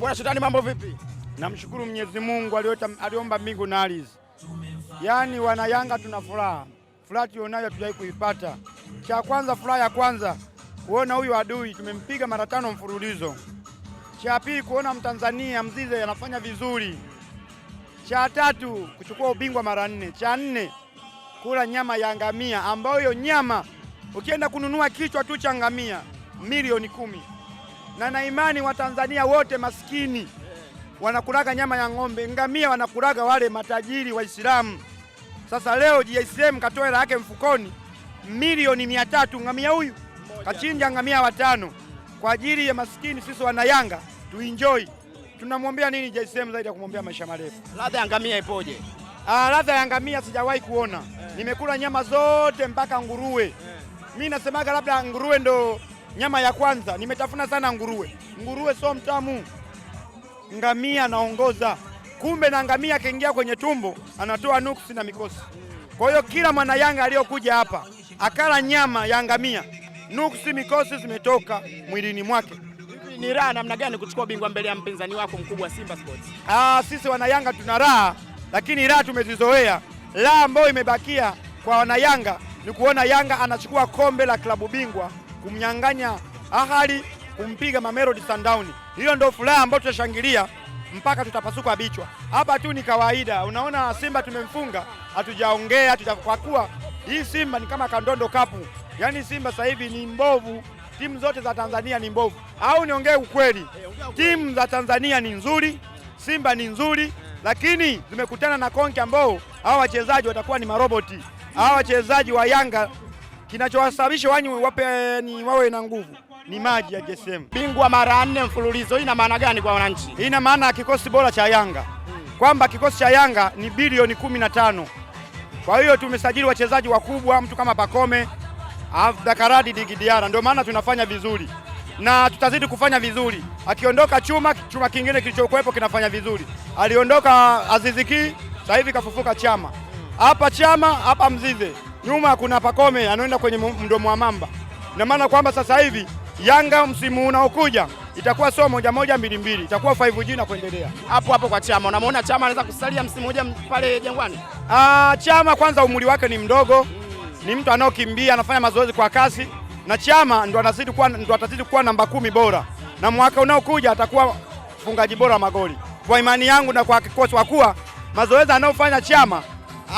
Bwana Shetani, mambo vipi? Namshukuru Mwenyezi Mungu aliomba mbingu na ardhi. Yaani wana Yanga tuna furaha, furaha tulionayo hatujawahi kuipata. Cha kwanza, furaha ya kwanza kuona huyu adui tumempiga mara tano mfululizo. Cha pili, kuona Mtanzania mzize anafanya vizuri. Cha tatu, kuchukua ubingwa mara nne. Cha nne, kula nyama ya ngamia, ambayo hiyo nyama ukienda kununua kichwa tu cha ngamia milioni kumi na na imani Watanzania wote maskini wanakulaga nyama ya ng'ombe, ngamia wanakulaga wale matajiri Waislamu. Sasa leo JSM katoa hela yake mfukoni milioni mia tatu ngamia huyu kachinja ngamia watano kwa ajili ya maskini. Sisi wana Yanga tuenjoy. Tunamwombea nini JSM zaidi ya kumwombea maisha marefu? Ladha ya ngamia ipoje? Ah, ladha ya ngamia sijawahi kuona eh. Nimekula nyama zote mpaka nguruwe Mimi eh. nasemaga labda nguruwe ndo Nyama ya kwanza nimetafuna sana nguruwe. Nguruwe sio mtamu, ngamia anaongoza. Kumbe na ngamia akiingia kwenye tumbo anatoa nuksi na mikosi. Kwa hiyo kila mwana Yanga aliyokuja hapa akala nyama ya ngamia, nuksi, mikosi zimetoka mwilini mwake. Ni raha namna gani kuchukua ubingwa mbele ya mpinzani wako mkubwa Simba Sports? Ah, sisi wana Yanga tuna raha, lakini raha tumezizoea. Raha ambayo imebakia kwa wana Yanga ni kuona Yanga anachukua kombe la klabu bingwa kumnyang'anya Ahali, kumpiga Mamelodi Sundowns. Hiyo ndio furaha ambayo tutashangilia mpaka tutapasuka bichwa. Hapa tu ni kawaida, unaona Simba tumemfunga, hatujaongea kwa kuwa hii Simba ni kama kandondo kapu, yaani Simba sasa hivi ni mbovu, timu zote za Tanzania ni mbovu. Au niongee ukweli, timu za Tanzania ni nzuri, Simba ni nzuri, lakini zimekutana na konki ambao hawa wachezaji watakuwa ni maroboti. Hawa wachezaji wa Yanga Kinachowasababisha wanyu wape ni wawe na nguvu ni maji ya GSM. Bingwa mara nne mfululizo, hii ina maana gani kwa wananchi? Hii ina maana ya kikosi bora cha Yanga kwamba kikosi cha Yanga ni bilioni kumi na tano. Kwa hiyo tumesajili wachezaji wakubwa, mtu kama Pakome, Abdakaradi Digidiara, ndio maana tunafanya vizuri na tutazidi kufanya vizuri. Akiondoka Chuma, chuma kingine kilichokuwepo kinafanya vizuri. Aliondoka Aziziki, sasa hivi kafufuka Chama. Hapa Chama, hapa Mzize nyuma kuna Pakome anaenda kwenye mdomo wa mamba, na maana kwamba sasa hivi Yanga msimu unaokuja itakuwa sio moja moja mbili mbili, itakuwa 5G na kuendelea. Hapo hapo kwa Chama, unamwona Chama anaweza kusalia msimu mmoja pale Jangwani? Ah, Chama kwanza umri wake ni mdogo mm. ni mtu anaokimbia anafanya mazoezi kwa kasi, na Chama ndo anazidi kuwa ndo atazidi kuwa namba kumi bora, na mwaka unaokuja atakuwa mfungaji bora wa magoli, kwa imani yangu na kwa kikosi, kwa kuwa mazoezi anayofanya Chama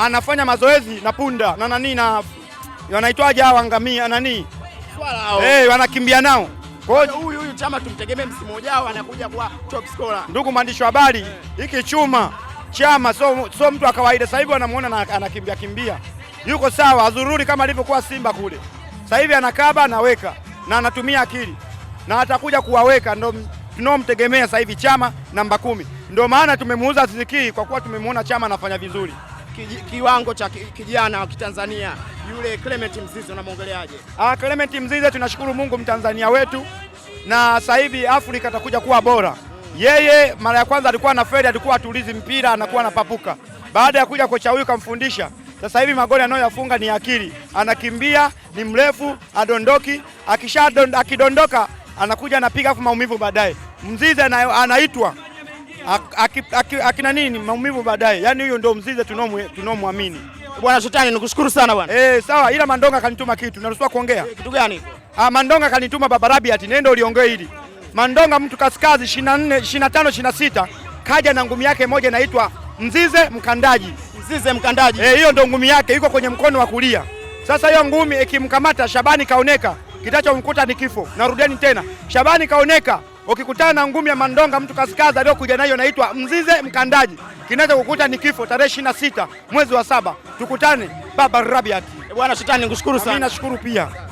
anafanya mazoezi na punda na nani na wanaitwaje hawa ngamia nani swala hao, eh, wanakimbia nao. Kwa hiyo huyu huyu Chama tumtegemee msimu ujao anakuja kwa top scorer. Ndugu mwandishi wa habari, hiki Chuma Chama so, so mtu wa kawaida. Sasa hivi wanamuona na anakimbia kimbia, yuko sawa azururi kama alivyokuwa Simba kule. Sasa hivi anakaba anaweka na anatumia akili na atakuja kuwaweka, ndo tunaomtegemea sasa hivi Chama namba kumi. Ndio maana tumemuuza Zizikii kwa kuwa tumemwona Chama anafanya vizuri kiwango cha kijana wa Kitanzania yule Clement Mzize, unamwongeleaje? Ah, Clement Mzize tunashukuru Mungu, Mtanzania wetu, na sasa hivi Afrika atakuja kuwa bora. Yeye mara ya kwanza alikuwa na feri, alikuwa atulizi mpira, anakuwa anapapuka. Baada ya kuja kocha huyu kamfundisha, sasa hivi magoli anayoyafunga ni akili, anakimbia, ni mrefu, adondoki. Akisha akidondoka anakuja anapiga afu maumivu baadaye. Mzize anaitwa akina nini maumivu baadaye. Yani huyo ndio mzizi tunaomwamini. Bwana Shetani, nikushukuru sana bwana. Eh, sawa, ila Mandonga kanituma kitu, naruhusiwa kuongea eh, kitu gani? Ah, Mandonga kanituma baba Rabi ati nenda uliongee hili. Mandonga mtu kaskazi 24 25 26 kaja na ngumi yake moja inaitwa Mzize Mkandaji. Mzize Mkandaji. Eh, hiyo ndio ngumi yake iko kwenye mkono wa kulia. Sasa hiyo ngumi ikimkamata Shabani kaoneka, kitachomkuta ni kifo. Narudieni tena. Shabani kaoneka Ukikutana na ngumi ya Mandonga mtu kaskaza aliyokuja nayo naitwa Mzize Mkandaji, kinaweza kukuta ni kifo tarehe ishirini na sita mwezi wa saba. Tukutane Baba Rabiat. Bwana Shetani, nikushukuru sana. Mimi nashukuru pia.